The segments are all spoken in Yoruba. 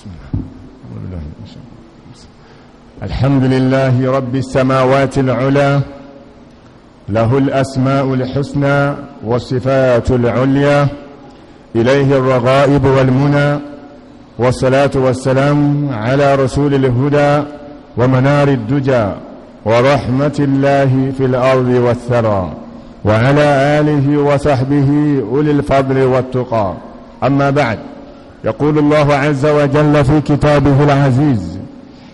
بسم الله شاء الله الحمد لله رب السماوات العلى له الأسماء الحسنى والصفات العليا إليه الرغائب والمنى والصلاة والسلام على رسول الهدى ومنار الدجى ورحمة الله في الأرض والثرى وعلى آله وصحبه أولي الفضل والتقى أما بعد يقول الله عز وجل في كتابه العزيز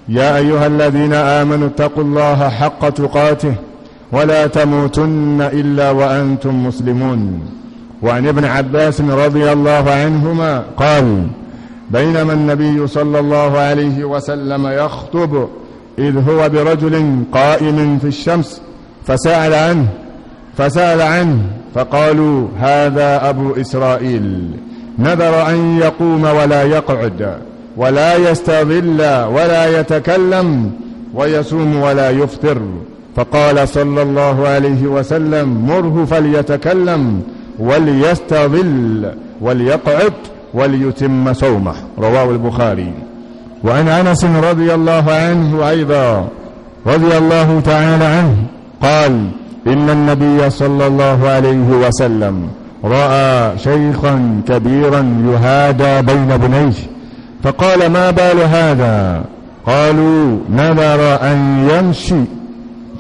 يا أيها الذين آمنوا اتقوا الله حق تقاته ولا تموتن إلا وأنتم مسلمون وعن ابن عباس رضي الله عنهما قال بينما النبي صلى الله عليه وسلم يخطب إذ هو برجل قائم في الشمس فسأل عنه فسأل عنه فقالوا هذا أبو إسرائيل نذر أن يقوم ولا يقعد ولا يستظل ولا يتكلم ويصوم ولا يفطر فقال صلى الله عليه وسلم مره فليتكلم وليستظل وليقعد وليتم صومه رواه البخاري وعن أنس رضي الله عنه أيضا رضي الله تعالى عنه قال إن النبي صلى الله عليه وسلم رأى شيخا كبيرا يهادى بين بنيه فقال ما بال هذا قالوا نذر أن يمشي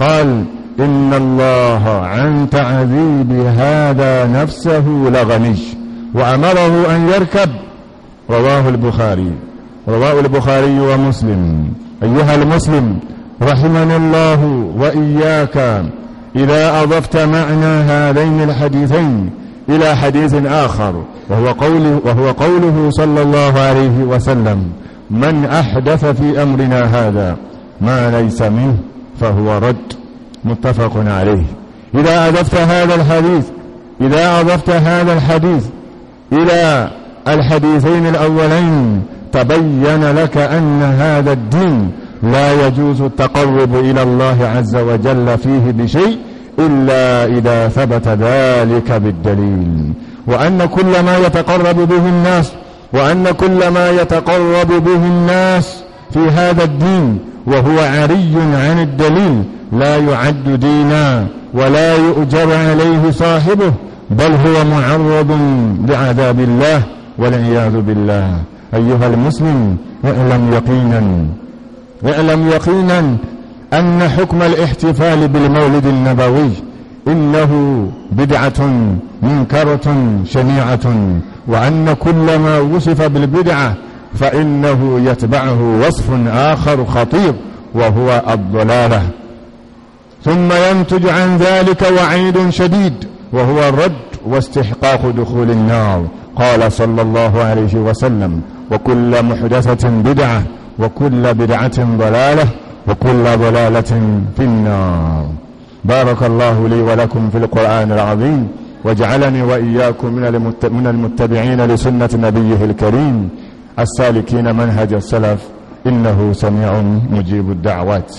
قال إن الله عن تعذيب هذا نفسه لغني وأمره أن يركب رواه البخاري رواه البخاري ومسلم أيها المسلم رحمنا الله وإياك إذا أضفت معنى هذين الحديثين إلى حديث آخر وهو قوله, وهو قوله صلى الله عليه وسلم من أحدث في أمرنا هذا ما ليس منه فهو رد متفق عليه إذا أضفت هذا الحديث إذا أضفت هذا الحديث إلى الحديثين الأولين تبين لك أن هذا الدين لا يجوز التقرب إلى الله عز وجل فيه بشيء إلا إذا ثبت ذلك بالدليل وأن كل ما يتقرب به الناس وأن كل ما يتقرب به الناس في هذا الدين وهو عري عن الدليل لا يعد دينا ولا يؤجر عليه صاحبه بل هو معرض لعذاب الله والعياذ بالله أيها المسلم اعلم يقينا اعلم يقينا أن حكم الاحتفال بالمولد النبوي إنه بدعة منكرة شنيعة وأن كل ما وصف بالبدعة فإنه يتبعه وصف آخر خطير وهو الضلالة ثم ينتج عن ذلك وعيد شديد وهو الرد واستحقاق دخول النار قال صلى الله عليه وسلم وكل محدثة بدعة وكل بدعة ضلالة وكل ضلالة في النار بارك الله لي ولكم في القرآن العظيم وجعلني وإياكم من, من المتبعين لسنة نبيه الكريم السالكين منهج السلف إنه سميع مجيب الدعوات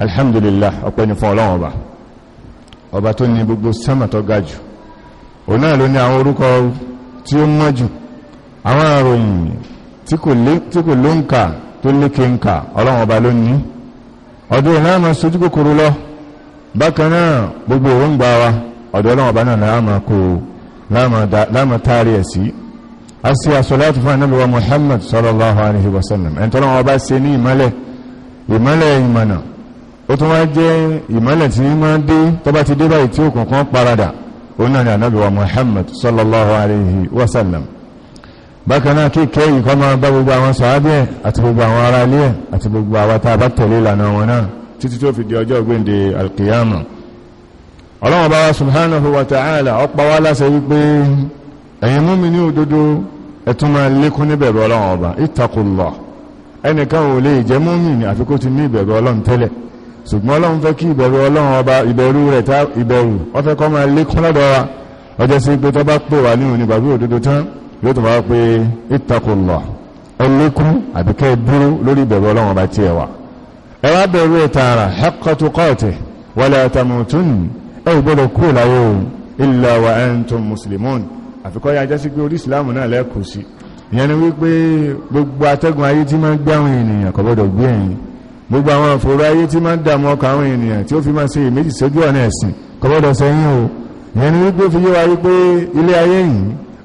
الحمد لله أقول فعلان أبا أبا تني بقبو السماء تقاجو ونالو نعورك tí ó mọ́jù àwọn àròyìn tí tó lékè ń kà ọlọ́run ọba ló ní ọdún ìlànà máa sojú kòkòrò lọ bákan náà gbogbo òrùngbà wa ọ̀dọ̀ ọlọ́run ọba náà láàmà kò láàmà táàrí ẹ̀ sí a sì àsọ̀láàtù fún anábìwá Muhammad sallallahu alayhi wa sallam ẹni tọ́lọ́run ọba ṣe ní ìmọ́lẹ̀ ìmọ́lẹ̀ ìmọ̀nà ó tún wá jẹ́ ìmọ́lẹ̀ tí ní máa dé tọ́bá ti dé báyìí tí òkùnkùn paradà ó náà ni anábìwá Muhammad sallallahu alayhi wa sallam bákan náà kíkẹ́ ìkọ́ máa bá gbogbo àwọn sàábẹ́ àti gbogbo àwọn ará ilé àti gbogbo àwọn tá tẹ̀lé ìlànà wọn náà títí tó fi di ọjọ́ ògbéǹde alkiyama ọlọ́wọ́n bá wa subhanahu wa ta'ala ọpa wá láṣẹ wípé ẹ̀yin mú mi ní òdodo ẹ̀tún máa lékún ní ọlọ́wọ́n yóò tún máa pé ìtakùnlọ̀ ẹnìkún àbíkẹ́ dúró lórí ìbẹ̀rù ọlọ́run ọba tí ẹ wà ẹ wá bẹ̀rù ẹ tààrà haqqa tuqati wala tamutunna ẹ ò gbọ́dọ̀ kú láyé o illa wa antum muslimun àfikọ́ yá jásí pé orí ìsìláàmù náà lẹ́kùn sí ìyẹn ni wípé gbogbo atẹ́gùn ayé tí máa ń gbé àwọn ènìyàn kò gbọ́dọ̀ gbé ẹ̀yìn gbogbo àwọn àfòrò ayé tí máa ń dààmú ọkàn àwọn ènìyàn tí ó fi máa ṣe èméjì sójú ọ̀nà ẹ̀sìn kò gbọ́dọ̀ sẹ́yìn o ìyẹn ni wípé fi yé wa wípé ilé ayé yìí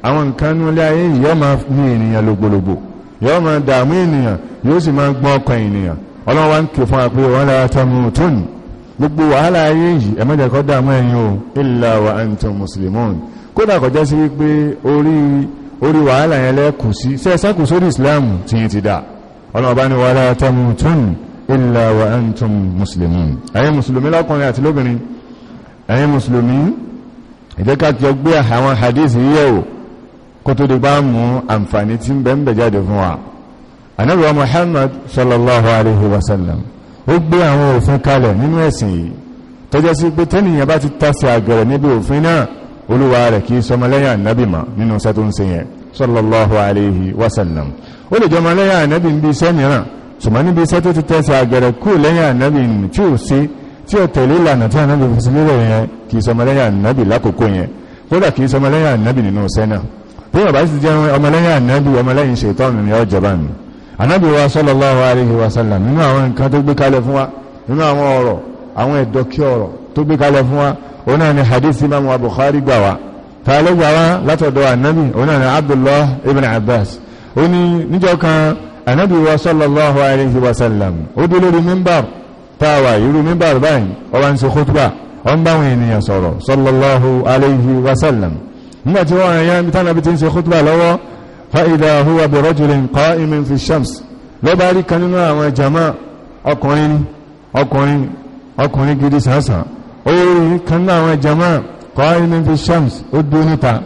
àwọn nǹkan nú ilé ayé yìí yóò máa ní ènìyàn lògbòlògbò yóò máa dààmú ènìyàn yóò sì máa gbọ́n ọkàn ènìyàn ọlọ́run wá ń ké fún wa pé wọ́n lára tọ́mú tóní gbogbo wàhálà ayé yìí ẹ̀mọ́jẹ̀kọ́ dààmú ẹ̀yin o illa wa antum muslimun kódà kọjá sí wípé orí wàhálà yẹn lẹ́kù sí sẹ́ẹ̀sẹ́kù sórí ìsìláàmù tí yẹn ti dà ọlọ́run bá ní wàhálà tọ́mú tóní illa wa antum muslimun ẹ̀yin mùsùlùmí lọ́kùnrin àti lóbìnrin ẹ̀yin mùsùlùmí ìjẹ́ká jọ àwọn hadith yíyẹ̀wò kó tó di bá mú àǹfààní tí ń bẹ ń bẹ jáde fún wa anábìwá Muhammad sallallahu alayhi wa sallam ó gbé àwọn òfin kalẹ̀ nínú ẹ̀sìn yìí tọ́jọ́ sí pé tẹ́nìyàn bá ti tàṣẹ àgẹ̀rẹ̀ níbi òfin náà olúwa rẹ̀ kì í sọmọlẹ́yìn ànábì mà nínú iṣẹ́ tó ń ṣe yẹn sallallahu alayhi wa sallam ó lè jọmọlẹ́yìn ànábì ń bí iṣẹ́ mìíràn ṣùgbọ́n níbi iṣẹ́ tó ti tàṣẹ àgẹ̀rẹ̀ kú lẹ́yìn ànábì tí ò sí tí ò tẹ̀lé ìlànà tí ànábì fi sílẹ̀ yẹn kì í sọmọlẹ́yìn ànábì lákòókò yẹn kódà kì í sọmọlẹ́yìn ànábì nínú iṣẹ́ náà bí ọ̀bá sì jẹ́ ọmọlẹ́yìn ànábì ọmọlẹ́yìn ṣètọ́nù ni ọjọba nù ànábì wa sallallahu alaihi wa sallam nínú àwọn nǹkan tó gbé kalẹ̀ fún wa nínú àwọn ọ̀rọ̀ àwọn ẹ̀dọ́kí ọ̀rọ̀ tó gbé kalẹ̀ fún wa òun náà ni hadith imam wa Bukhari gbà wá ta ló gbà wá látọ̀dọ̀ ànábì òun náà ni Abdullah ibn Abbas ó ní níjọ́ kan ànábì wa sallallahu alaihi wa sallam nígbà tí wọ́n rìn yá ibi tánàbí ti ń ṣe khutba lọ́wọ́ fa'ida huwa bi rajulin qa'imin fi shams ló bá rí kan nínú àwọn jama ọkùnrin ọkùnrin ọkùnrin gidi sàásà ó rí kan nínú àwọn jama qa'imin fi shams ó dúró níta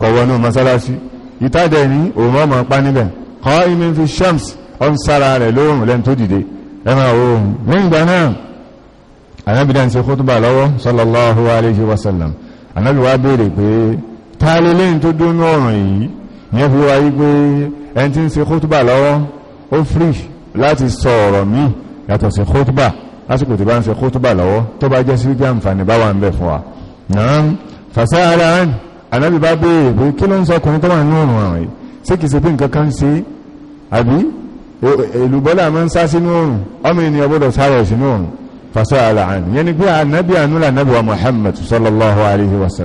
kọ̀wọ́nú masalasi ìtàdẹ̀ ní òun ọmọ pa níbẹ̀ qa'imin fi shams ọ ń sára rẹ̀ lóòrùn lẹ́n tó dìde ẹmà òòrùn nígbà náà anábìdá ń ṣe khutba lọ́wọ́ sallallahu alayhi wa anábìwá béèrè pé tààlé lẹ́yìn tó dónú ọ̀ràn yìí yẹn fi wáyé pé ẹni tí ń ṣe khutba lọ́wọ́ ó free láti sọ ọ̀rọ̀ míì yàtọ̀ sí khutba lásìkò tí bá ń ṣe khutba lọ́wọ́ tó bá jẹ́ sí wípé àǹfààní bá wà ń bẹ̀ fún wa náà fàṣẹ ara ẹn anábì bá béèrè pé kí ló ń sọ ọkùnrin tó wà nínú ọ̀ràn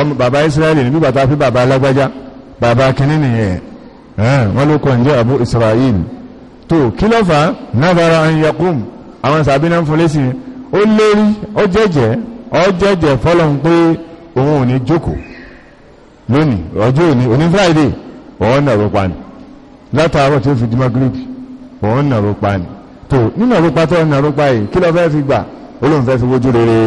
ọmọ bàbá israẹli ní bíbà tá fi bàbá alágbájá bàbá kìíní nìyẹn wọ́n ló kọ́ ǹjẹ́ àbú israẹli tó kí ló fà nàbàrà an yakum àwọn sàbínà fún lẹ́sì ó lérí ó jẹ́jẹ́ ó jẹ́jẹ́ fọ́lọ́n pé òun ò ní jókòó lónìí ọjọ́ òní òní friday òun nà ró pani látàárọ̀ tí ó fi dìmọ́ greek òun nà pani tó nínú àrópa tó nà ró pa yìí kí fi gbà olóhùn fi wójú rere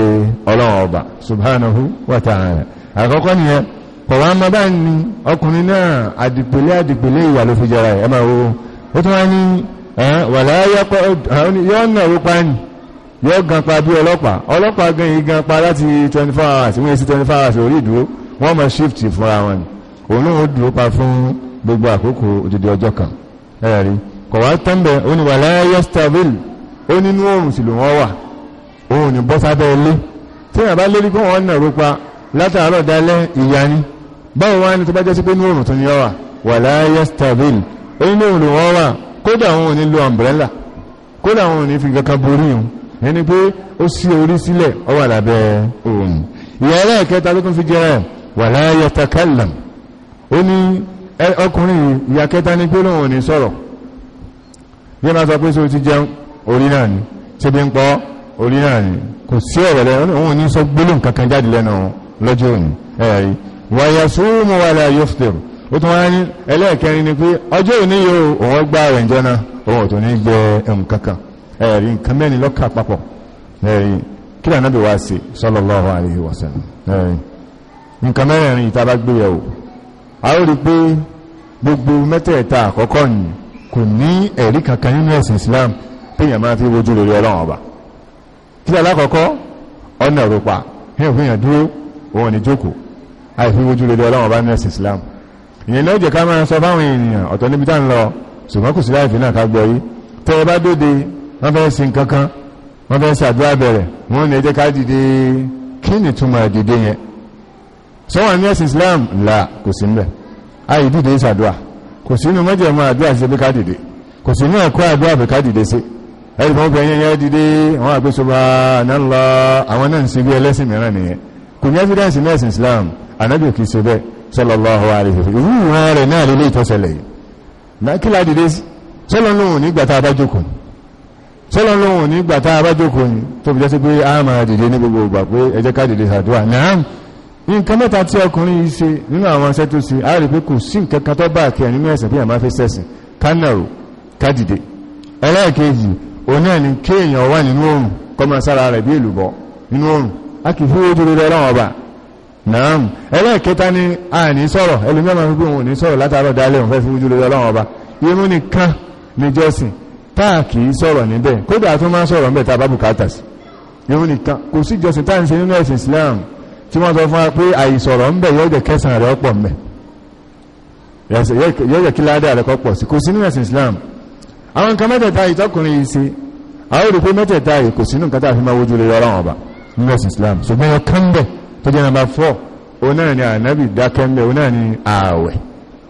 ọlọ́run ọba subhanahu wa ta'ala àkọ́kọ́ nìyẹn pọ̀wá ma bá ní ọkùnrin náà àdìpẹ̀lẹ̀ àdìpẹ̀lẹ̀ ìwà ló fi jẹra ẹ̀ máa wo ó tún wá ní wà láyọ́pọ̀ yọ́ nà ó 24 hours wọ́n 24 hours orí ìdúró wọ́n mọ̀ shift fúnra wọn ni òun náà ó dúró pa fún gbogbo àkókò òdìdí ọjọ́ kan ẹ̀rí kọ̀wá tẹ́m̀bẹ̀ ó ní wà ó nínú oòrùn sì wọ́n wà oòrùn bọ́sábẹ́ ilé tí yàrá lórí kó wọ́n nà ó látàárọ̀ dálẹ́ ìyá ni báwo wá ní tó bá jẹ́ sí pé ní oòrùn tó ní ọwà wà láyé stabil onílé oòrùn wọn wà kódà àwọn ò ní lo umbrella kódà àwọn ò ní fi kankan borí òun ẹni pé ó sí orí sílẹ̀ ó wà lábẹ́ oòrùn ìyá ẹlẹ́ẹ̀kẹta tó tún fi jẹ́ wà láyé takallam ó ní ọkùnrin ìyá kẹta ní pé lóun ò ní sọ̀rọ̀ bí wọ́n sọ pé sọ ti jẹun orí náà ni ṣe bí ń pọ́ orí náà ni kò sí ọ̀rọ̀ lẹ́nu òun ò ní sọ gbólóhùn kankan jáde lẹ́nu òun lọ́jọ́ òní ẹ̀rí wàyà súnmù wà láà yóò fìtẹ̀ ó tún wá ní ẹlẹ́ẹ̀kẹrin ni pé ọjọ́ òní yóò òun gbá rẹ̀ jọ náà òun tó ní gbẹ ẹ̀hùn kankan ẹ̀rí nǹkan mẹ́rin lọ́kà papọ̀ ẹ̀rí kí lànà bí wá sí sallallahu alaihi wasallam ẹ̀rí nǹkan mẹ́rin ìta bá gbé yẹ̀wò a ó rí pé gbogbo mẹ́tẹ̀ẹ̀ta àkọ́kọ́ ni kò ní ẹ̀rí kankan nínú ẹ̀sìn Islam téèyàn máa fi wojú lórí Ọlọ́run ọba kí lànà àkọ́kọ́ ọ̀nà òrùpa ẹ̀hùn òun ní jókòó àìfi wojú rere ọlọ́wọ́n bá ní Islam ìyẹn ló jẹ́ ká máa sọ fáwọn ènìyàn ọ̀tọ̀ níbi tá ń lọ ṣùgbọ́n kò sí láìfi náà ká gbọ́ yìí tẹ́ ẹ bá dóde wọ́n fẹ́ sin kankan wọ́n fẹ́ ṣàdúrà bẹ̀rẹ̀ wọ́n ní ẹjẹ́ ká dìde kí ni túmọ̀ dìde yẹn sọ́wọ́n ní Islam là kò sí mbẹ̀ àyè dìde ṣàdúrà kò sí inú mọ́jẹ̀mọ́ àdúrà ṣe bí ká dìde kò sí inú ẹ̀kọ́ àdúrà bí ká dìde sí ẹ̀rì fún obìnrin kò ní evidence ní ẹ̀sìn Islam anábì kìí ṣe bẹ́ẹ̀ sallallahu alaihi wa na kí ládìde sọ́lọ́ lóhùn nígbà tá a bá jókòó sọ́lọ́ lóhùn nígbà tá a ni tó fi jẹ́ sí pé a máa dìde ní gbogbo ìgbà pé ẹ jẹ́ ká dìde sàdúrà náà nǹkan mẹ́ta tí ọkùnrin ni kéèyàn wà nínú oòrùn kọ́ máa sára a kì í fún ojú rere ọlọ́run ọba náà ẹlẹ́ẹ̀kẹta ni a ní sọ̀rọ̀ ẹlòmíràn máa ń gbé òun ní sọ̀rọ̀ látàárọ̀ dálẹ̀ òun fẹ́ fún ojú rere ọlọ́run ọba irun nìkan níjọ́sìn táà kì í sọ̀rọ̀ níbẹ̀ kódà tó máa ń sọ̀rọ̀ níbẹ̀ tá a bá nìkan kò sí ìjọsìn táà ń ṣe nínú ẹ̀sìn Islam tí wọ́n sọ fún wa pé àìsọ̀rọ̀ ń bẹ̀ yọ́jẹ̀ kẹsàn rẹ̀ ọ̀pọ̀ mẹ́ yọ́jẹ̀ kí ládà rẹ̀ kọ́pọ̀ sí kò sí nínú ẹ̀sìn Islam àwọn nǹkan mẹ́tẹ̀ẹ̀ta ìtọ́kùnrin yìí sí àwọn olùkọ́ mẹ́tẹ̀ẹ̀ta yìí kò sínú nǹkan tá a fi máa wojú lè yọra wọn nílẹ̀ islam ṣùgbọ́n wọn kán bẹ̀ tó jẹ́ nàbà fọ́ òun náà ni ànábì dákẹ́ ń bẹ̀ òun náà ni ààwẹ̀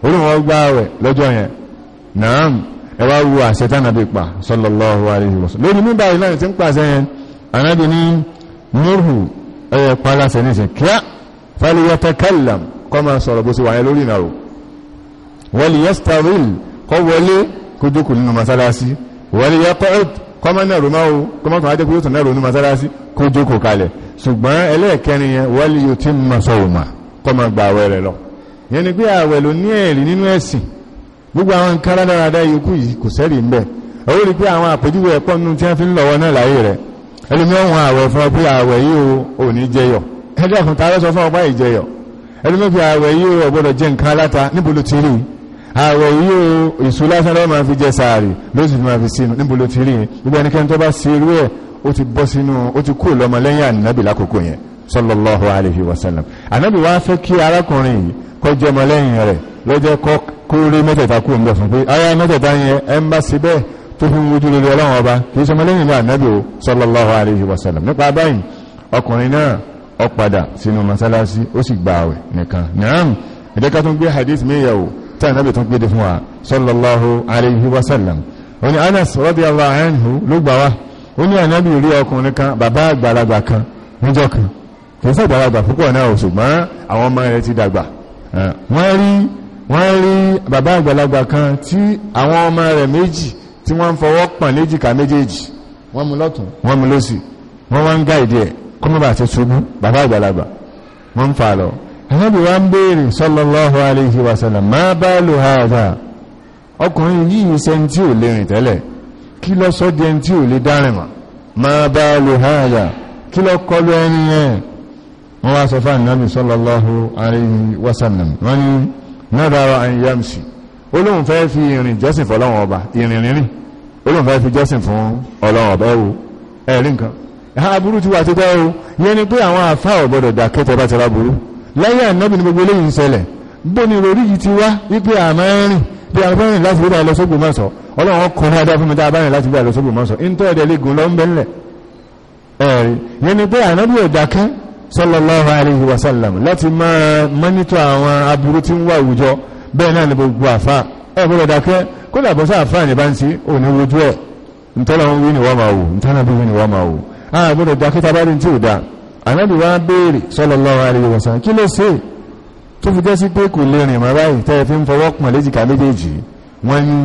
olùwọ́n gba ààwẹ̀ lọ́jọ́ yẹn náà ẹ wá wo àṣẹ tánàbì pa sallallahu alaihi wasallam lórí mú báyìí láì tí ń pàṣẹ yẹn ànábì ní nurhu ẹyẹ paláṣẹ kó jókòó kalẹ̀ ṣùgbọ́n ẹlẹ́ẹ̀kẹrin yẹn wọ́lì yóò tí mọ̀ sọ̀wọ̀mà kọ́ máa gba àwẹ̀ rẹ̀ lọ yẹn ni pé àwẹ̀ ló ní ẹ̀rí nínú ẹ̀sìn gbogbo àwọn nǹkan rádaràdá yòókù yìí kò sẹ́rì ń bẹ̀ ó rí pé àwọn àpèjúwe ẹ̀kọ́ nínú tí wọ́n fi ń lọ́wọ́ náà láyé rẹ̀ ẹlòmí ọ̀hún àwẹ̀ yìí ò ní máa fi jẹ sàárì lóṣù máa fi sínú níbo ló ti rí gbogbo ẹnikẹ́ni tó bá ṣe irú ẹ̀ ó ti bọ́ sínú ó ti kúrò lọ́mọ lẹ́yìn ànábì lákòókò yẹn sallallahu alayhi wa sallam ànábì wá fẹ́ kí arákùnrin yìí kọ́ jẹ́ ọmọ lẹ́yìn rẹ̀ lọ́jẹ́ kọ́ kó rí mẹ́tẹ̀ẹ̀ta kú ń bẹ̀ fún pé aya mẹ́tẹ̀ẹ̀ta yẹn ẹ ń bá síbẹ̀ tó fi ń wojú lórí ọlọ́run ọba kì í ṣe ọmọ lẹ́yìn ní ànábì o sallallahu alayhi wa nípa báyìí ọkùnrin náà ó padà sínú masalasi ó sì gba àwẹ̀ nìkan naam ìdẹ́ka tó ń gbé hadith méyàwó tí ànábì tó gbéde fún wa sallallahu alayhi wa sallam òní anas radiyallahu anhu ló gbà wá ó ní ànábì rí ọkùnrin kan bàbá àgbàlagbà kan níjọ́ kan kìí sọ àgbàlagbà púpọ̀ náà ò ṣùgbọ́n àwọn ọmọ rẹ̀ ti dàgbà wọ́n rí wọ́n rí bàbá àgbàlagbà kan tí àwọn ọmọ rẹ̀ méjì tí wọ́n ń fọwọ́ pọ̀n léjìká méjèèjì wọ́n mú lọ́tún wọ́n mú lọ́sì wọ́n wá ń gá ìdí ẹ̀ kọ́mọ́bà ti ṣubú bàbá àgbàlagbà wọ́n ń fà lọ ẹ̀nàbì wá ń béèrè sallallahu alayhi wa sallam ma balu hadha ọkùnrin yìí ṣe ń tí ò lè tẹ́lẹ̀ kí lọ sọ di ẹni tí ò lè dárìn mà máa bá lò háyà kí lọ kọlu ẹni yẹn wọ́n wá sọ fún ànábì sallallahu alayhi wa sallam wọ́n ní nadara an yamshi olóhùn fẹ́ fi ìrìn jọ́sìn fún ọlọ́run ọba ìrìn rírìn olóhùn fẹ́ fi jọ́sìn fún ọlọ́run ọba ẹ̀wò ẹ̀rí nǹkan aburú ti wà títẹ́ o yẹn ni pé àwọn àfá ọ̀gbọ́dọ̀ dàkẹ́tẹ̀ bá ti ra burú láyé ànábì bí a bá rìn láti gbé lọ sógbò mọ́sọ̀ ọlọ́run kún dáadáa fún mi tá a bá rìn láti gbé lọ sógbò mọ́sọ̀ ń tọ́ ẹ̀dẹ̀ léegun lọ ń bẹ́ ńlẹ̀ ẹ̀rí yẹn ni pé ànábì òdàkẹ́ sallallahu alaihi wasallam láti máa mọ́nítọ̀ àwọn aburú tí ń wà àwùjọ bẹ́ẹ̀ náà ni gbogbo àfà ẹ̀ bọ́lọ̀ dákẹ́ kó dàbọ̀ sá àfà ní bá ń sí òní wojú ẹ̀ ntọ́lọ́ ń wí ni wọ́n máa wò ntọ́lọ́ bí wí ni wọ́n máa wò àbúrò alaihi wasallam kí ló ṣe tó fi jẹ́sí pé kò lè rìn mọ́ báyìí tẹ́ fi ń fọwọ́ pọ̀n léjìká méjèèjì wọ́n ní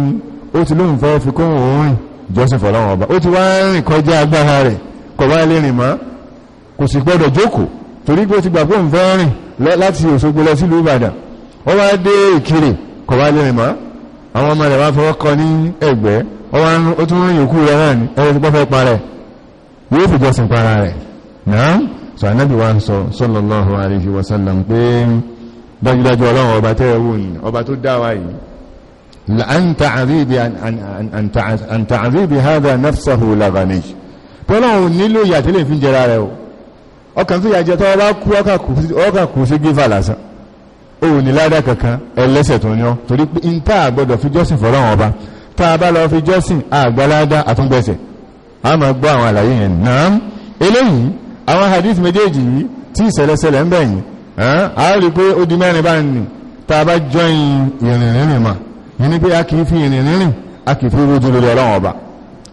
ó ti lóun fẹ́ fi kóhùn òórìn jọ́sìn fọlọ́wọ́n ọba ó ti wá rìn kọjá agbára rẹ̀ kò bá lè rìn mọ́ kò sì gbọ́dọ̀ jókòó torí pé ó ti gbà pé òun fẹ́ rìn láti Òṣogbo lọ sílùú Ìbàdàn ó wá dé Ìkirè kò bá lè rìn mọ́ àwọn ọmọ rẹ̀ wá fọwọ́ kọ ní ẹ̀gbẹ́ ó tún rìn yòókù dájúdájú ọlọ́run ọba tẹ́ ẹwú yìí ọba tó dáwà yìí an ta'adhibi hadha nafsahu la ghani pọ́lọ́run nílò ìyàtílẹ̀ fi jẹra rẹ̀ o ọkàn tó yàjẹ́ tọ́ ọba kú ọkà kú sí gífà lásán o ní ládà kankan ẹlẹ́sẹ̀ tó yán torí pé n tá àgbọ́dọ̀ fi jọ́sìn fọ́lọ́run ọba tá a bá lọ fi jọ́sìn àgbàládá àtúngbẹ̀sẹ̀ a máa tí ìṣẹ̀lẹ̀ṣẹlẹ̀ ń bẹ̀yìn a rí pé ó di mẹ́rin báyìí ni tá a bá jọyìn ìrìn rírìn mà yìí ni pé a kì í fi ìrìn rírìn a kì í fi rojú lórí ọlọ́run ọba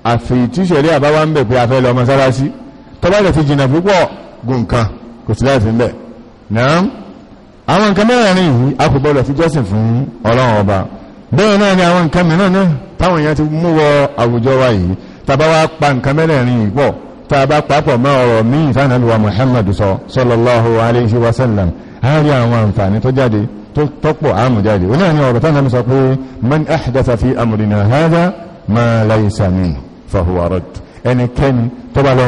àfi tíṣẹ̀rí àbáwá ń bẹ̀ pé a fẹ́ lọ mọ́sálásí tọ́ba rẹ̀ ti jìnnà púpọ̀ gùn kan kò sí láti bẹ̀ náà àwọn nǹkan mẹ́rin yìí a kò gbọ́dọ̀ fi jọ́sìn fún ọlọ́run ọba bẹ́ẹ̀ náà ni àwọn nǹkan mìíràn náà táwọn èèyàn ti mú wọ àwùjọ wa yìí tàbá wa pa nǹkan mẹ́rin yìí pọ̀ tá bá papọ̀ mọ́ ọ̀rọ̀ míì sánàlùwà Muhammad sọ sallallahu alayhi wa sallam a rí àwọn àǹfààní tó jáde tó tọ́pọ̀ àmù jáde ó náà ni ọ̀rọ̀ tánàlù sọ pé man ahdatha fi amrina hadha ma laysa minhu fahuwa radd ẹnikẹ́ni tó bá lọ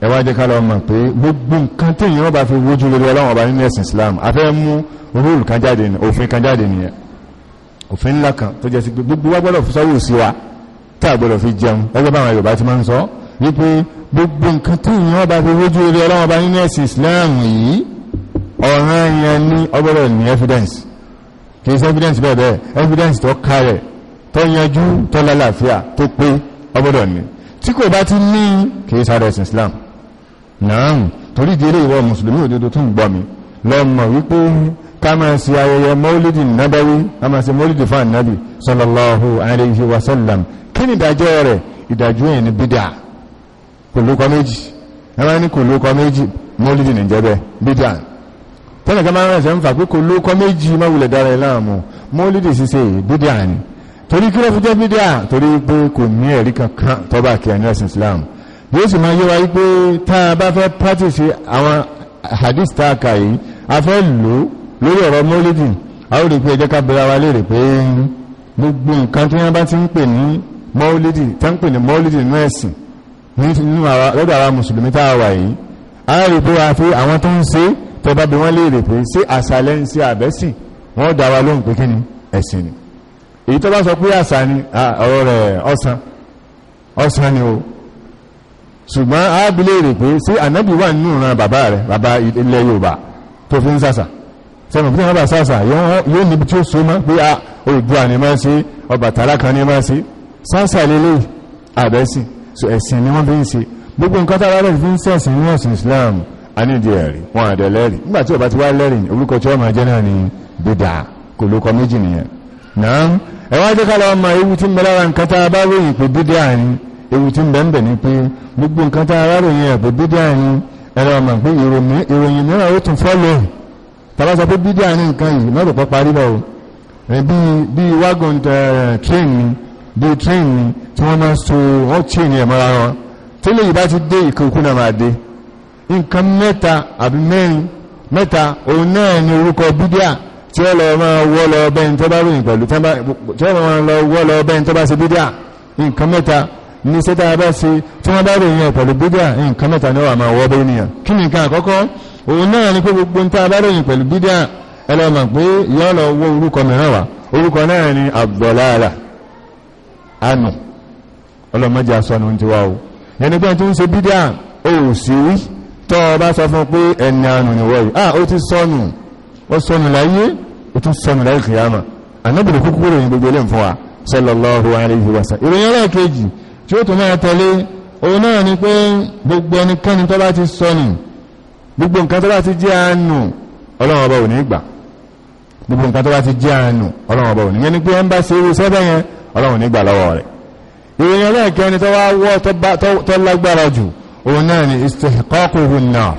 ẹ wá jẹ́ ká lọ mọ̀ pé gbogbo nǹkan tí èèyàn bá fi wójú lórí ọlọ́run ọba nínú ẹ̀sìn Islam a fẹ́ mú rúùlù kan jáde ní òfin kan jáde nìyẹn òfin ńlá kan tó jẹ́ sí pé gbogbo wa gbọ́dọ̀ fi sọ́wọ́ sí wa tí a gbọ́dọ̀ fi jẹun ẹgbẹ́ báwọn Yorùbá ti máa ń sọ wípé gbogbo nǹkan tí èèyàn bá fi wójú lórí ọlọ́run ọba nínú ẹ̀sìn Islam yìí ọ̀ràn yẹn ní ọgbọ́dọ̀ ní evidence kì í ṣe evidence bẹ́ẹ̀ bẹ́ẹ̀ evidence tó kárẹ̀ tó yanjú tó lálàáfíà tó pé ọgbọ́dọ̀ ní tí kò bá ti ní kì í sáré ẹ̀sìn Islam náà torí délé ìwọ mùsùlùmí òdodo tó ń gbọ́ mi lọ́mọ wípé ká máa ṣe ayẹyẹ mọ́lìdì nábáwí ká máa ṣe mọ́lìdì fún ànábì sallallahu alayhi wa sallam kí ni ìdájọ́ rẹ̀ ìdájọ́ ẹ̀ ní bídà kò lókọ méjì ẹ máa ní kò lókọ méjì mọ́lìdì nìjẹ́bẹ̀ bídà tẹ́lẹ̀ ká máa rẹ̀ ṣe ń fà pé kò lókọ méjì má wulẹ̀ dára láàmú mọ́lìdì ṣiṣe bídà ni torí kí ló jẹ́ bídà torí pé kò ní ẹ̀rí kankan tó kí ẹ̀ ní ẹ̀sìn Islam yóò sì máa yé wa wípé tá a bá fẹ́ pàtìsí àwọn hadith tá a kà yìí a fẹ́ lò lórí ọ̀rọ̀ mọ́lídì a ó rí pé ẹjẹ́ ká bẹ̀rẹ̀ wa léèrè pé gbogbo nǹkan tí wọ́n bá ti ń pè ní mọ́lídì tá ń pè ní mọ́lídì nínú ẹ̀sìn nínú lọ́dọ̀ àwọn mùsùlùmí tá a wà yìí a rí pé a fi àwọn tó ń ṣe tó bá bí wọ́n léèrè pé ṣé àṣàlẹ̀ ń ṣe àbẹ́sìn wọ́n dá wa lóhùn pé kí ni ẹ̀sìn ni èyí tó bá sọ pé àṣà ni ọ̀rọ̀ rẹ̀ ọ̀sán ọ̀sán ni o ṣùgbọ́n ábílẹ̀ rẹ̀ pé sí ànábì wà nínú ran bàbá rẹ̀ bàbá ilẹ̀ Yorùbá tó fi ń sàṣà sẹ́nu fún ọba sàṣà yóò níbi tí ó so mọ́ pé Oòduà ni máa ṣe Ọbàtálá kan ni máa ṣe sàṣà lélẹ̀ àbẹ́sì ẹ̀sìn ni wọ́n fi ń ṣe gbogbo nǹkan tára rẹ̀ fi ń sẹ̀sìn ní ẹ̀sìn Islam anídìí ẹ̀rí wọn àdẹ lẹ́rì nígbà tí ọba ti wá lẹ́rì orúkọ tí ọmọ ẹjẹ́ náà ni bídà kò ló kọ méjì nìyẹn náà ẹ̀wọ́n ajẹ́kálọ́ ọmọ ewu tí ń bẹ lára nǹkan tá a bá ròyìn pé bídà ni ewu tí ń bẹ̀ ń bẹ̀ ni pé gbogbo nǹkan tá ara ròyìn ẹ̀ bídíà ni ẹ̀rọ ọmọ pé ìròyìn mìíràn ó tún fọ́lọ̀ tàbá sọ pé bídíà ni nǹkan yìí mọ́tò pọ́ parí bọ̀ bí wagon train ni bí train ni tí wọ́n máa so wọ́n chain ẹ̀ mọ́ra wọn tí lè yìí bá ti dé ìkókú náà máa dé nǹkan mẹ́ta àbí mẹ́rin mẹ́ta òun náà ni orúkọ bídíà tí ó lọ máa wọ́ lọ bẹ́ẹ̀ tó bá ròyìn pẹ̀lú tí ó máa lọ wọ́ lọ bẹ́ẹ̀ tó bá ṣe bídíà nǹkan mẹ́ta ní sẹ́tà bá ṣe tí wọ́n bá ròyìn ẹ̀ pẹ̀lú bídíà nǹkan mẹ́ta ní wà máa wọ́bẹ̀ ènìyàn kí ni nǹkan àkọ́kọ́ òun náà ni pé gbogbo nta bá ròyìn pẹ̀lú bídíà ẹlọ́mọ̀ pé yọ́ lọ wọ orúkọ mìíràn wá orúkọ náà ni àbọ̀lára ànù ọlọ́mọdé asọ́nu ti wá o ẹni pé tó ń ṣe bídíà ó sì wí tọ́ ọ bá sọ fún pé ẹni ànù ni wọ́ọ̀rù ah ó ti sọnù ó sọnù láyé ó tún sọnù láyé sallallahu alayhi wa sallam ìròyìn ọlọ́ọ̀kejì tí ó tún máa tẹ̀lé òun náà ni pé gbogbo ẹnikẹ́ni tó bá ti sọnù gbogbo nǹkan tó bá ti jẹ́ àánú ọlọ́run ọba ò ní gbà gbogbo nǹkan tó bá ti jẹ́ àánú ọlọ́run ọba ò ní yẹn ni pé ẹ ń bá ṣe irú sẹ́bẹ̀ yẹn ọlọ́run ò gbà lọ́wọ́ rẹ̀ ìròyìn ẹlẹ́ẹ̀kẹ́ni tó wá wọ́ tó lágbára jù òun náà ni istihqaquhu an-nar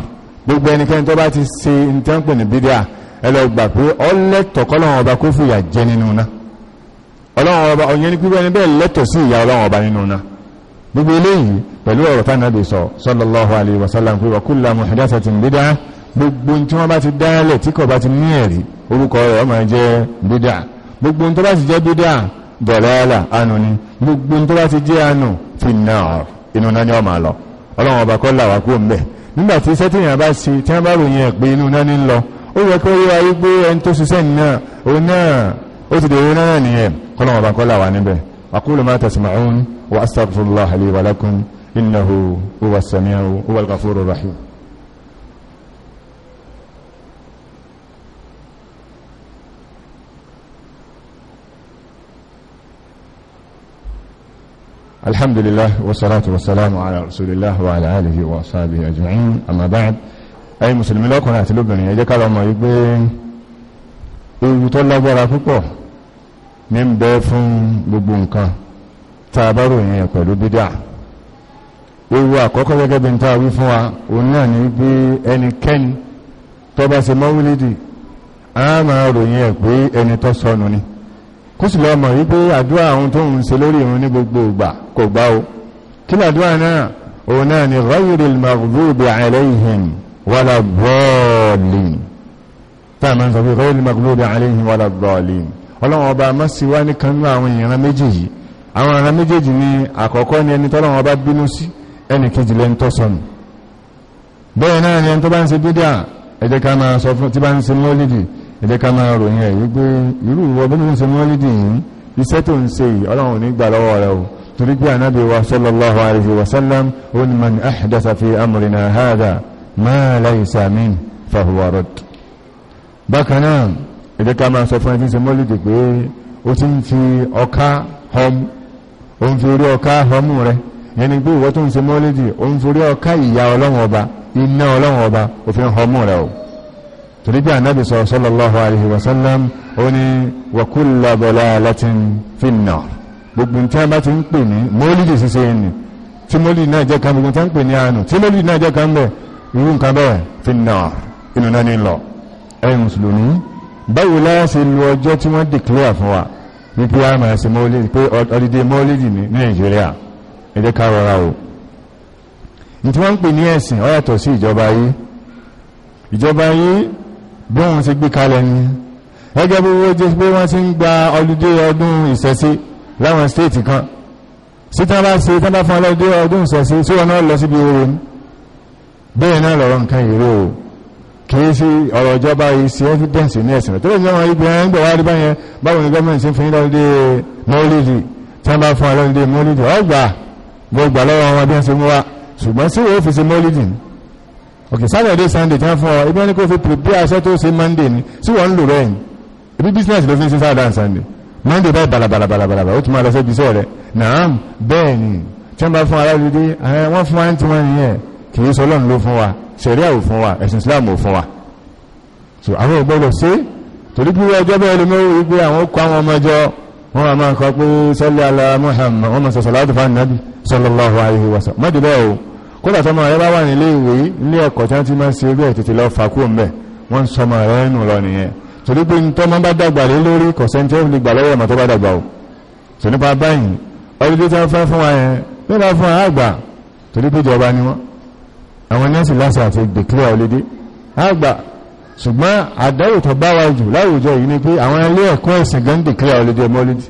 gbogbo ẹnikẹ́ni tó bá ti ṣe ìtẹ́ǹpẹ̀ ní bídíà ẹlọ́gbà pé ọlẹ́tọ̀ kọ́lọ́run ọba kó fìyà jẹ nínú náà ọlọ́run ọba ọ̀yẹ́ni pípẹ́ ni bẹ́ẹ̀ lẹ́tọ̀ sí ìyà ọlọ́run ọba nínú náà gbogbo eléyìí pẹ̀lú ọ̀rọ̀ tá nàbì sọ sallallahu alaihi wasallam pé wa kullu muhdathatin bid'ah gbogbo tí wọ́n bá ti dálẹ̀ tí kò bá ti ní ẹ̀rí orúkọ rẹ̀ ó máa jẹ́ bídà gbogbo tó bá ti jẹ́ bídà dọ̀lẹ́ọ̀lá anù ni gbogbo tó bá ti jẹ́ anù fi náà inú náà ni ó máa lọ ọlọ́run ọba kọ́ làwà kó mbẹ̀ nígbà tí iṣẹ́ bá ṣe أقول ما تسمعون وأستغفر الله لي ولكم إنه هو السميع هو الغفور الرحيم الحمد لله والصلاة والسلام على رسول الله وعلى آله وصحبه أجمعين أما بعد أي مسلمين لا كنا أتلوبني يجب أن يقول إيه يطلب ولا فقه ní ń bẹ fún gbogbo nǹkan tá a bá ròyìn ẹ̀ pẹ̀lú bídà ewu àkọ́kọ́ gẹ́gẹ́ bí n tá a wí fún wa òun náà ní bí ẹnikẹ́ni tó bá ṣe mọ́wúlídì a máa ròyìn ẹ̀ pé ẹni tó sọnù ni kó sì lọ́mọ wípé àdúrà ohun tó ń ṣe lórí ìrun ní gbogbo ìgbà kò gbá o kí làdúrà náà òun náà ni ghayril maghdubi alayhim wala dhalin máa ń sọ pé ghayril maghdubi alayhim wala ọlọ́run ọba má sì wá nìkan nínú àwọn ìran méjèèjì àwọn ìran méjèèjì ni àkọ́kọ́ ni ẹni tọ́lọ́run ọba bínú sí ẹni kejì lẹ́ni tó sọnù bẹ́ẹ̀ náà ni ẹni tó bá ń ṣe bídà ẹ jẹ́ ká máa sọ fún tí bá ń ṣe mọ́lídì ẹ jẹ́ ká máa ròyìn ẹ̀ wípé irú ìwọ bí ń ṣe mọ́lídì yìí iṣẹ́ tó ń ṣe yìí ọlọ́run ò ní gbà lọ́wọ́ rẹ o torí pé ànábì wa sallallahu ẹ̀jẹ̀ ká máa sọ fún ẹni tí ń ṣe mọ́lìdì pé ó ti ń fi ọká họmú ó ń fi orí ọká họmú rẹ ẹni pé ìwọ tó ń ṣe mọ́lìdì ó ń forí ọká ìyá ọlọ́run ọba iná ọlọ́run ọba òfin họmú rẹ o torí bí anábì sọ sallallahu alaihi wasallam ó ní wa latin dalalatin fin nar gbogbo tí a bá ti ń pè ní mọ́lìdì ṣiṣẹ́ ni tí mọ́lìdì náà jẹ́ kan gbogbo tí a ń pè ní àánú tí mọ́lìdì náà jẹ́ kan bẹ̀ irú nǹkan bẹ́ẹ̀ fin inú náà ní lọ ẹ̀yin mùsùlùmí báwo láyá ṣe lu ọjọ́ tí wọ́n declare fún wa ní pé àmà ẹ̀sẹ̀ mọ́lẹ́dì pé ọdídé mọ́lẹ́dì ní nàìjíríà ẹ̀dẹ́ ká rọra o ní tí wọ́n ń pè ní ẹ̀sìn ó yàtọ̀ sí ìjọba yìí ìjọba yìí bí wọ́n ṣe gbé kalẹ̀ ni gẹ́gẹ́ bí wọ́n jẹ́ pé wọ́n ti ń gba ọdídé ọdún ìṣẹ̀ṣe láwọn stéètì kan sí tán bá ṣe tán bá fún ọlọ́dún ìṣẹ̀ṣe sí wọn náà lọ síbi eré bẹ́ẹ̀ náà lọ̀rọ̀ nǹkan ìró o yìí sí ọ̀rọ̀ ìjọba yìí sí evidence ní ẹ̀sìn rẹ̀ tó lè jẹ́ wọn ibi ẹ̀ ń gbọ̀ rí báyẹn báwo ni gọ́ọ̀mẹ̀ntì ń fún mọ́lìdì tí wọ́n bá fún ọ mọ́lìdì ọgbà gbogbo lọ́wọ́ wọn bí wọ́n ṣe mú wa ṣùgbọ́n sí wo fi ṣe mọ́lìdì ni ok Saturday Sunday tí wọ́n fún ọ ibi wọn kò fi prepare aṣọ tó ṣe Monday ni sí wọ́n ń lò rẹ̀ ibi business ló fi ń ṣe Saturday Sunday Monday báyìí balabalabalabalaba ò fún wa ẹ̀sìn Islam ò fún wa so àwọn ògbọ́dọ̀ sí torí pé ọjọ́ bẹ́ẹ̀ lè mẹ́rin wípé àwọn kọ àwọn ọmọ ẹjọ́ wọn a máa kọ pé sọ́lẹ̀ ala Muhammad wọn máa sọ̀sọ̀ láti fáwọn nàbí sallallahu alaihi wasallam mọ́dì bẹ́ẹ̀ o kódà sọmọ rẹ bá wà nílé ìwé ilé ẹ̀kọ́ tí wọ́n ti máa ń ṣe bẹ́ẹ̀ tètè lọ fà ṣùgbọ́n àdáwò tó bá wa jù láwùjọ yìí ni pé àwọn ilé ẹ̀kọ́ ẹ̀sìn gan dìkílẹ̀ ọlọ́dẹ mọ́lídì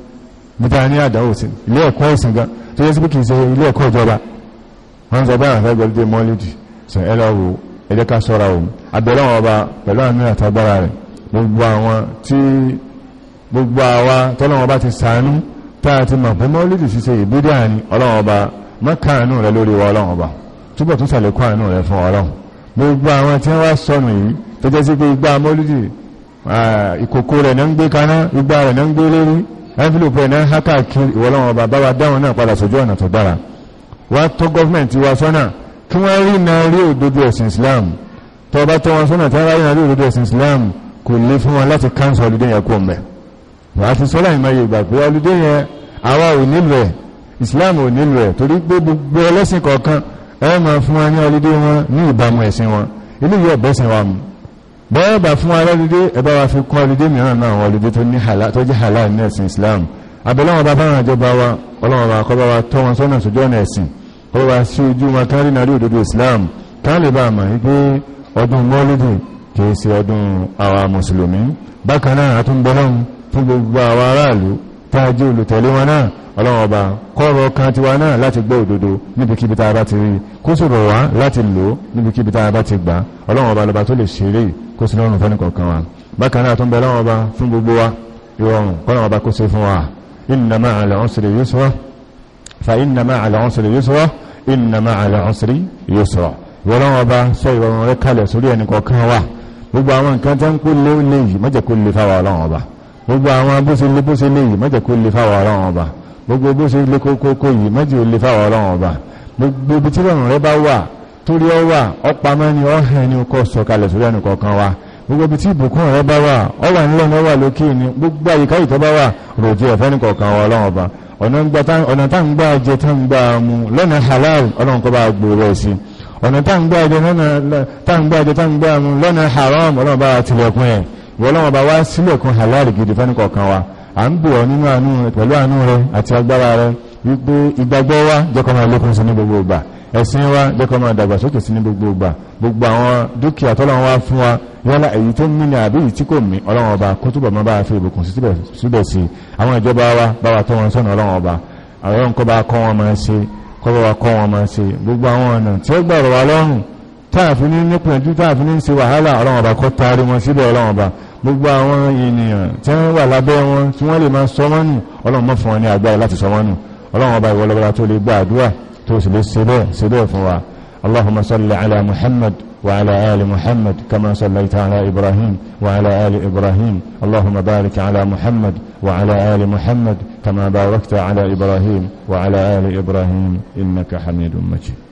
níta ní àdáwò sí ilé ẹ̀kọ́ ẹ̀sìn gan tó yẹ sí pé kì í ṣe ilé ẹ̀kọ́ ìjọba wọ́n sọ báyà fẹ́ gbọ́lídì mọ́lídì sọ ẹ lọ wo ẹ jẹ́ ká sọ́ra òun abẹ́lẹ́ wọn ọba pẹ̀lú àmì àtagbára rẹ̀ gbogbo àwọn tí gbogbo àwa tọ́lọ́wọ́n bá ti sàánú tá a wa ọlọ́wọ́n ọba túbọ̀ tó jẹ́ sí pé igbá mọ́lúdì ìkòkò rẹ̀ náà ń gbé kaná igbá rẹ̀ náà ń gbé lérí envelope rẹ̀ náà hákà kí ìwọlọ́wọ̀n bàbá wa dáhùn náà padà sójú ọ̀nà tó dára wá tó gọ́fìmẹ̀ntì wa sọ́nà kí wọ́n rí na rí òdodo ẹ̀sìn Islam tó bá tó wọn sọ́nà tí wọ́n rí na rí òdodo ẹ̀sìn Islam kò lè fún wọn láti cancel olùdé yẹn kó mẹ́ wàá ti sọ́lá ìmọ̀ yìí gbà pé olùdé yẹn àwa ò nílò ẹ̀ Islam ò nílò ẹ̀ ilé yóò bẹ́sìn wa mu bọ́ọ̀bà fún alọ́dídé ẹbá wa fi kún ọlídé mìíràn náà àwọn ọlídé tó jẹ́ halal ní ẹ̀sìn Islam abẹ́lọ́wọ̀n bá bára jọba wa ọlọ́wọ̀n bá kọ́ bá wa tọ́ wọn sọ́nà sójú ọ̀nà ẹ̀sìn kọ́ bá sí ojú wa kárí nàrí òdodo Islam ká lè bá àmà wípé ọdún mọ́lídé kìí ṣe ọdún àwa mùsùlùmí bákan náà àtúngbọ́lọ́run ọlọ́run ọba kọ́rọ̀ kan tiwa náà láti gbọ́ òdodo níbikíbi tá a bá ti rí kó sì rọ̀ wá láti lò níbikíbi tá a bá ti gbà ọlọ́run ọba lọba tó lè ṣeré kó sì lọ́rùn fẹ́ni kọ̀ọ̀kan wa bákan náà tó ń bẹ ọlọ́run ọba fún gbogbo wa ìrọ̀rùn kọ́rọ̀ ọba kó ṣe fún wa inna ma'al usri yusra fa inna ma'al usri yusra inna ma'al usri yusra ìwọlọ́run ọba sọ ìrọ̀rùn rẹ kalẹ̀ sórí ẹnì kọ̀ọ̀kan wa gbogbo àwọn nǹkan tẹ́ ń kó lé lè yìí lè fáwọn ọlọ́run ọba gbogbo àwọn bó lé bó ṣe lè lè fáwọn ọlọ́run ọba gbogbo bó ṣe lé kókókó yìí mọ́jì ò lè fáwọn ọlọ́run ọba gbogbo ibi tí rọrùn rẹ bá wà torí ọ wà ọpa mẹ́ni ọ̀hẹ́ ni kò sọ̀kalẹ̀ sórí ẹnu kọ̀ọ̀kan wa gbogbo ibi tí ìbùkún rẹ bá wà ọ wà nílẹ̀ ní ọ wà lókè ni gbogbo àyíká ìtọ́ bá wà ròjì ẹ̀fẹ́ ní kọ̀ọ̀kan wa ọlọ́run ọba ọ̀nà tá ń gbà jẹ tá ń gbà mu lọ́nà halal ọlọ́run kọ́ bá gbòòrò sí ọ̀nà tá ń gbà jẹ tá ń gbà jẹ tá ń gbà mu lọ́nà haram ọlọ́run bá tilẹ̀kùn ẹ̀ ìwọ́lọ́run ọba wá sílẹ̀kùn halal gidi fẹ́ ní kọ̀ọ̀kan wa à ń bò ọ nínú àánú rẹ pẹ̀lú àánú rẹ àti agbára rẹ wípé ìgbàgbọ́ wa jẹ́kọ́ máa lékún sí ní gbogbo ìgbà ẹ̀sìn wa jẹ́kọ́ máa dàgbàsókè sí ní gbogbo ìgbà gbogbo àwọn dúkìá tọ́lọ́wọ́n wá fún wa yálà èyí tó mí ní àbí èyí tí kò mí ọlọ́wọ́n ọba kó túbọ̀ máa bá a fi ìbùkún síbẹ̀ sí àwọn ìjọba wa bá wa tọ́ wọn sọ́nà ọlọ́wọ́n ọba àwọn nǹkan bá kọ́ wọn máa ṣe kọ́ bá wa kọ́ wọn máa ṣe gbogbo àwọn ọ̀nà tí ó gbàrọ̀ wa lọ́rùn táàfin ní nípìnjú táàfin ní ṣe wàhálà ọlọ́wọ́n ọba kó taari wọn síbẹ̀ ọlọ́wọ́n ọba gbogbo àwọn ènìyàn tí wọ́n wà lábẹ́ wọn tí wọ́n lè máa sọ wọ́n nù ọlọ́run mọ́ fún wọn ní agbára láti sọ wọ́n nù ọlọ́run ọba ìwọ lọ́gbàrá tó lè gba àdúrà tó sì lè ṣe bẹ́ẹ̀ ṣe bẹ́ẹ̀ fún wa allahumma salli ala muhammad وعلى آل محمد كما صليت على إبراهيم وعلى آل إبراهيم اللهم بارك على محمد وعلى آل محمد كما باركت على إبراهيم وعلى آل إبراهيم إنك حميد مجيد